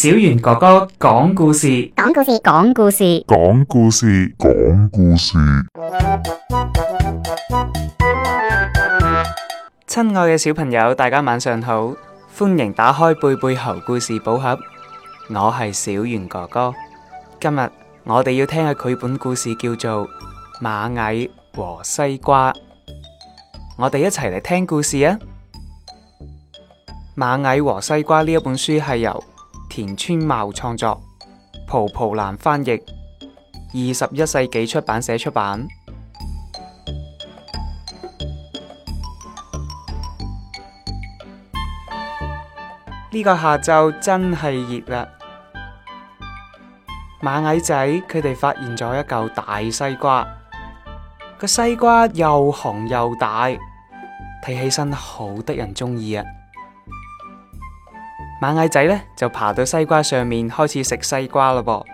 小袁哥哥講故事，講故事，講故事，講故事，講故事。親愛嘅小朋友，大家晚上好，歡迎打開貝貝猴故事寶盒，我係小袁哥哥。今日我哋要聽嘅繪本故事叫做《螞蟻和西瓜》，我哋一齊嚟聽故事啊！《螞蟻和西瓜》呢一本書係由田村茂創作，蒲蒲蘭翻譯，二十一世紀出版社出版。呢 個下晝真係熱啦！螞蟻仔佢哋發現咗一嚿大西瓜，個西瓜又紅又大，睇起身好得人中意啊！螞蟻仔咧就爬到西瓜上面，開始食西瓜咯噃。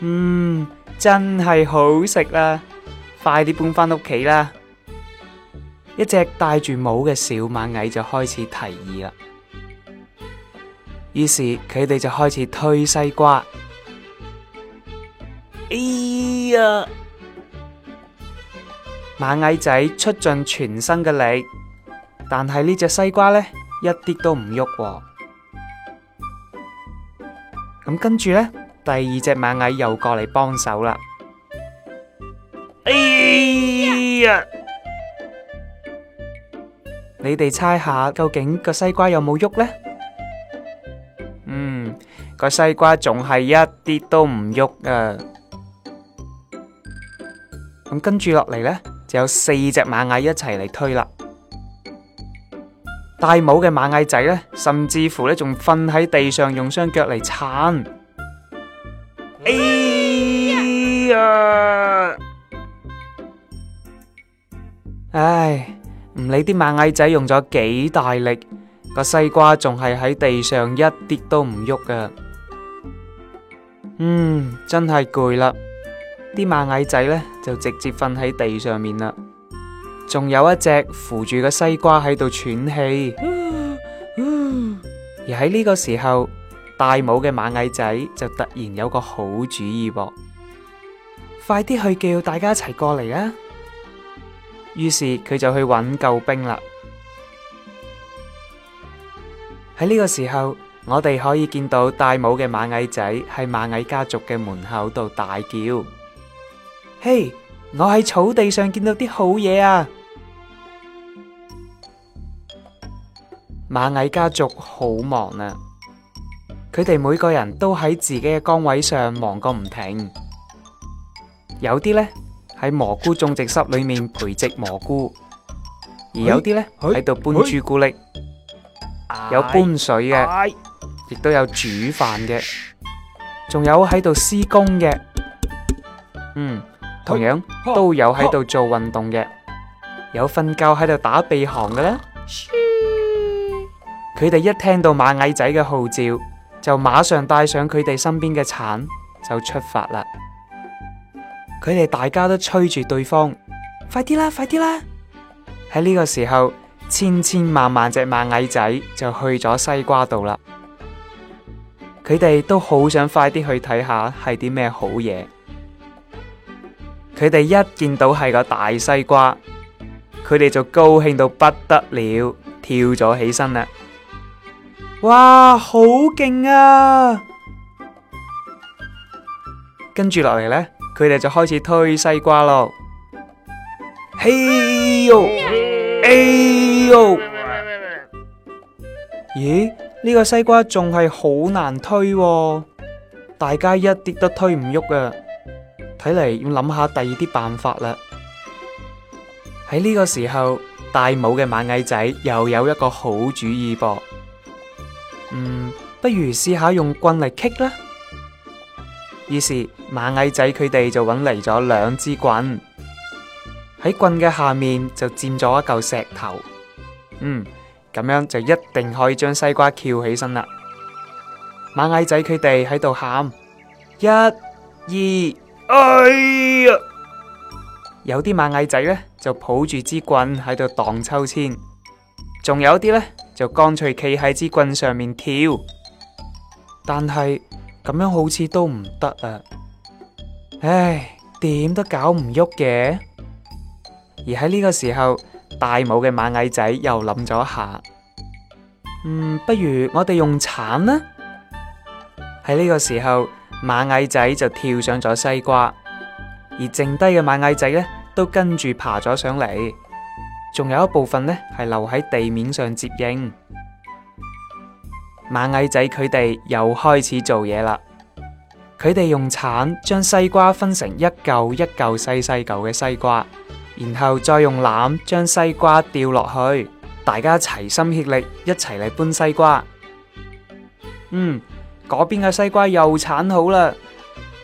嗯，真係好食啦！快啲搬翻屋企啦！一隻戴住帽嘅小螞蟻就開始提議啦。於是佢哋就開始推西瓜。哎呀！螞蟻仔出盡全身嘅力，但係呢隻西瓜咧。一啲都唔喐，咁跟住呢，第二隻螞蟻又過嚟幫手啦。哎呀，你哋猜下究竟個西瓜有冇喐呢？嗯，個西瓜仲係一啲都唔喐啊。咁跟住落嚟呢，就有四隻螞蟻一齊嚟推啦。戴帽嘅螞蟻仔呢，甚至乎呢，仲瞓喺地上用雙腳，用雙腳嚟撐。哎呀！唉，唔理啲螞蟻仔用咗幾大力，個西瓜仲係喺地上一啲都唔喐㗎！嗯，真係攰啦。啲螞蟻仔呢，就直接瞓喺地上面啦。仲有一隻扶住個西瓜喺度喘氣， 而喺呢個時候，戴帽嘅螞蟻仔就突然有個好主意，哦， 快啲去叫大家一齊過嚟啊！於是佢就去揾救兵啦。喺呢個時候，我哋可以見到戴帽嘅螞蟻仔喺螞蟻家族嘅門口度大叫：嘿， hey，我喺草地上見到啲好嘢啊！螞蟻家族好忙啊！佢哋每個人都喺自己嘅崗位上忙個唔停，有啲呢，喺蘑菇種植室裏面培植蘑菇，而有啲呢，喺度搬朱古力，有搬水嘅，亦都有煮飯嘅，仲有喺度施工嘅，嗯，同樣都有喺度做運動嘅，有瞓覺喺度打鼻鼾嘅啦。佢哋一聽到螞蟻仔嘅號召，就馬上帶上佢哋身邊嘅鏟就出發啦。佢哋大家都催住對方，快啲啦，快啲啦！喺呢個時候，千千萬萬隻螞蟻仔就去咗西瓜度啦。佢哋都好想快啲去睇下係啲咩好嘢。佢哋一見到係個大西瓜，佢哋就高興到不得了，跳咗起身啦。哇，好勁啊！跟住落嚟呢，佢哋就開始推西瓜咯。嘿喲，嘿喲，咦？呢個西瓜仲係好難推啊，大家一啲都推唔喐啊！睇嚟要諗下第二啲辦法啦。喺呢個時候，戴帽嘅螞蟻仔又有一個好主意噃啊。嗯，不如試下用棍嚟棘啦。於是螞蟻仔佢哋就揾嚟咗兩支棍，喺棍嘅下面就墊咗一嚿石頭。嗯，咁樣就一定可以將西瓜翹起身啦。螞蟻仔佢哋喺度喊：一、二，哎呀！有啲螞蟻仔呢，就抱住支棍喺度蕩秋千，仲有啲呢。就乾脆企喺支棍上面跳，但係咁樣好似都唔得啊！唉，點都搞唔喐嘅。而喺呢個時候，戴帽嘅螞蟻仔又諗咗下，嗯，不如我哋用鏟啦。喺呢個時候，螞蟻仔就跳上咗西瓜，而剩低嘅螞蟻仔呢，都跟住爬咗上嚟。仲有一部分呢，係留喺地面上接應螞蟻仔，佢哋又開始做嘢啦。佢哋用鏟將西瓜分成一舊一舊細細舊嘅西瓜，然後再用籃將西瓜掉落去。大家齊心協力，一齊嚟搬西瓜。嗯，嗰邊嘅西瓜又鏟好啦。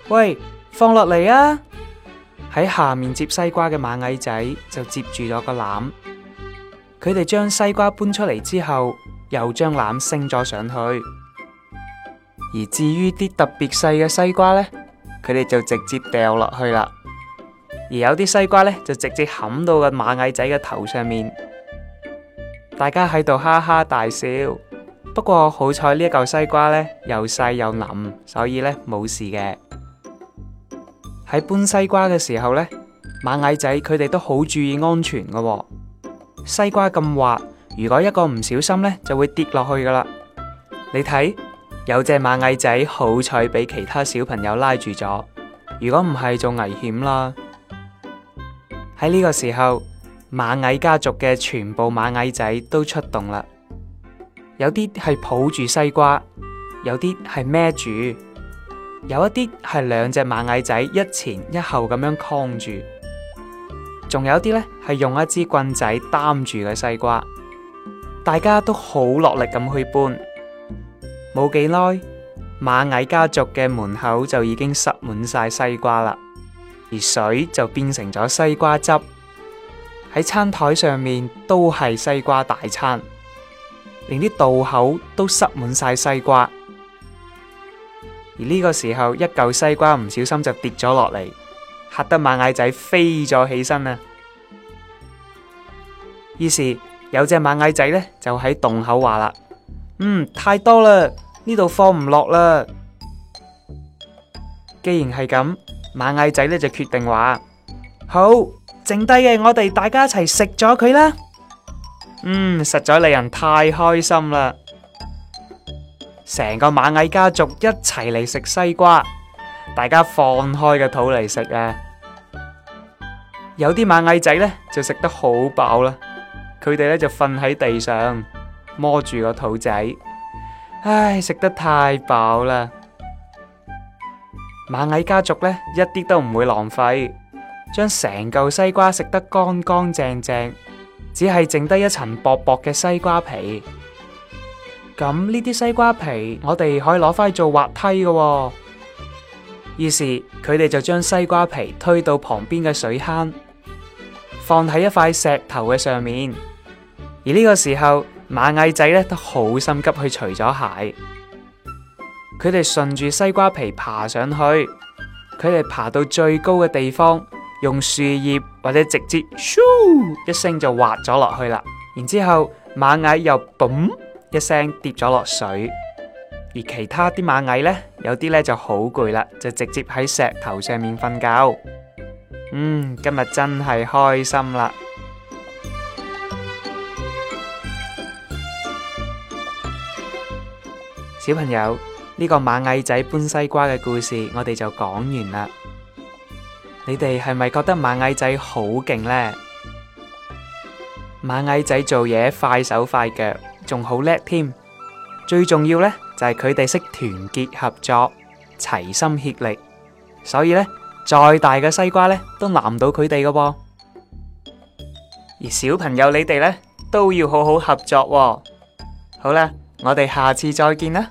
喂，放落嚟啊！喺下面接西瓜嘅螞蟻仔就接住咗個籃，佢哋將西瓜搬出嚟之後，又將籃升咗上去。而至於啲特別細嘅西瓜呢，佢哋就直接掉落去啦。而有啲西瓜呢，就直接冚到個螞蟻仔嘅頭上面，大家喺度哈哈大笑。不過好彩呢一嚿西瓜呢，又細又腍，所以呢，冇事嘅。喺搬西瓜嘅時候呢，螞蟻仔佢哋都好注意安全噶喎。西瓜咁滑，如果一個唔小心呢，就會跌落去噶啦。你睇，有隻螞蟻仔好彩俾其他小朋友拉住咗，如果唔係，仲危險啦。喺呢個時候，螞蟻家族嘅全部螞蟻仔都出動啦，有啲係抱住西瓜，有啲係孭住。有一啲係兩隻螞蟻仔一前一後咁樣扛住，仲有啲呢係用一支棍仔擔住嘅西瓜，大家都好落力咁去搬。冇幾耐，螞蟻家族嘅門口就已經塞滿曬西瓜啦，而水就變成咗西瓜汁，喺餐台上面都係西瓜大餐，連啲道口都塞滿曬西瓜。而呢個時候，一嚿西瓜唔小心就跌咗落嚟，吓得螞蟻仔飛咗起身啦。於是有隻螞蟻仔呢，就喺洞口話啦：，嗯，太多啦，呢度放唔落啦。既然係咁，螞蟻仔呢就決定話：，好，剩低嘅我哋大家一齊食咗佢啦。嗯，實在令人太開心啦。成個螞蟻家族一齊嚟食西瓜，大家放開個肚嚟食啊！有啲螞蟻仔呢就食得好飽啦，佢哋呢就瞓喺地上摸住個肚仔，唉，食得太飽啦！螞蟻家族呢，一啲都唔會浪費，將成嚿西瓜食得乾乾淨淨，只係剩低一層薄薄嘅西瓜皮。咁呢啲西瓜皮，我哋可以攞翻去做滑梯噶喎。於是佢哋就將西瓜皮推到旁邊嘅水坑，放喺一塊石頭嘅上面。而呢個時候，螞蟻仔呢都好心急去除咗鞋。佢哋順住西瓜皮爬上去，佢哋爬到最高嘅地方，用樹葉或者直接咻一聲就滑咗落去啦。然之後螞蟻又嘣。一聲跌咗落水，而其他啲螞蟻呢，有啲呢就好攰啦，就直接喺石頭上面瞓覺。嗯，今日真係開心啦！小朋友，呢個螞蟻仔搬西瓜嘅故事，我哋就講完啦。你哋係咪覺得螞蟻仔好勁呢？螞蟻仔做嘢快手快腳。仲好叻添，最重要呢，就係佢哋識團結合作，齊心協力，所以呢，再大嘅西瓜呢，都難唔到佢哋㗎噃。而小朋友你哋呢，都要好好合作喎。好啦，我哋下次再見啦。